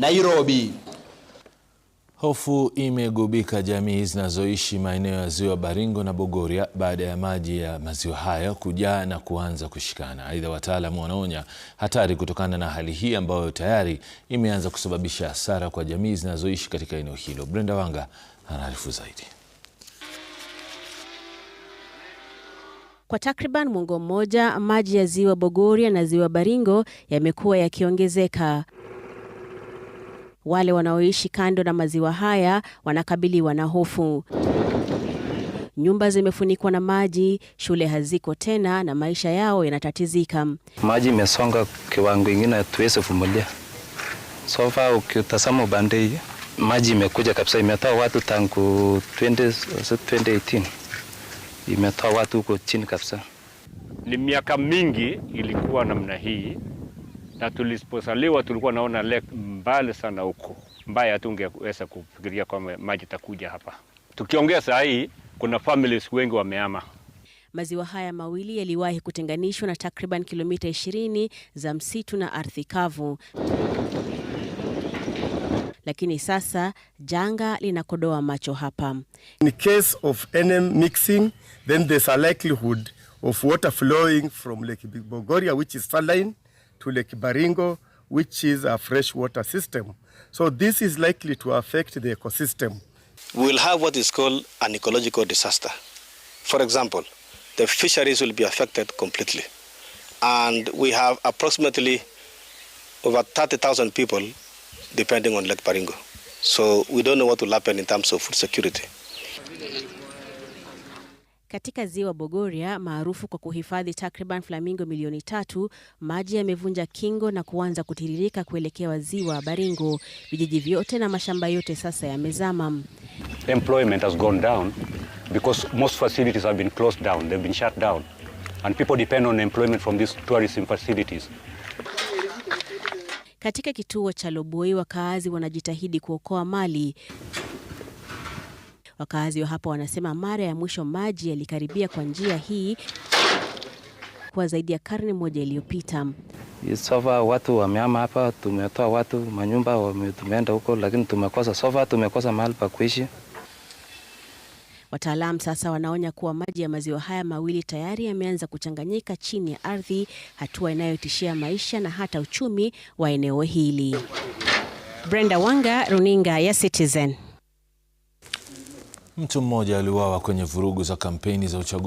Nairobi. Hofu imegubika jamii zinazoishi maeneo ya ziwa Baringo na Bogoria baada ya maji ya maziwa hayo kujaa na kuanza kushikana. Aidha, wataalamu wanaonya hatari kutokana na hali hii ambayo tayari imeanza kusababisha hasara kwa jamii zinazoishi katika eneo hilo. Brenda Wanga anaarifu zaidi. Kwa takriban mwongo mmoja, maji ya ziwa Bogoria na ziwa Baringo yamekuwa yakiongezeka. Wale wanaoishi kando na maziwa haya wanakabiliwa na hofu. Nyumba zimefunikwa na maji, shule haziko tena na maisha yao yanatatizika. Maji imesonga kiwango ingine, hatuwezi vumilia. Sofa ukitazama upande hii, maji imekuja kabisa, imetoa watu tangu 2018 imetoa watu huko chini kabisa. Ni miaka mingi ilikuwa namna hii, na tulisposaliwa tulikuwa naona lake mbali sana huko, mbaya hatu ungeweza kufikiria kwamba maji takuja hapa. Tukiongea saa hii kuna families wengi wameama. Maziwa haya mawili yaliwahi kutenganishwa na takriban kilomita 20 za msitu na ardhi kavu, lakini sasa janga linakodoa macho hapa. In case of NM mixing then there's a likelihood of water flowing from Lake Bogoria which is saline to Lake Baringo which is a freshwater system. So this is likely to affect the ecosystem. We will have what is called an ecological disaster. For example, the fisheries will be affected completely. And we have approximately over 30,000 people depending on Lake Baringo. So we don't know what will happen in terms of food security. Katika ziwa Bogoria maarufu kwa kuhifadhi takriban flamingo milioni tatu, maji yamevunja kingo na kuanza kutiririka kuelekea ziwa Baringo. Vijiji vyote na mashamba yote sasa yamezama. Employment has gone down because most facilities have been closed down. They've been shut down and people depend on employment from these tourism facilities. Katika kituo cha Loboi wakaazi wanajitahidi kuokoa mali. Wakazi wa hapa wanasema mara ya mwisho maji yalikaribia kwa njia hii kwa zaidi ya karne moja iliyopita. Sofa watu wameama hapa, tumetoa watu manyumba tumeenda huko, lakini tumekosa sofa, tumekosa mahali pa kuishi. Wataalamu sasa wanaonya kuwa maji ya maziwa haya mawili tayari yameanza kuchanganyika chini ya ardhi, hatua inayotishia maisha na hata uchumi wa eneo hili. Brenda Wanga, Runinga ya Citizen. Mtu mmoja aliuawa kwenye vurugu za kampeni za uchaguzi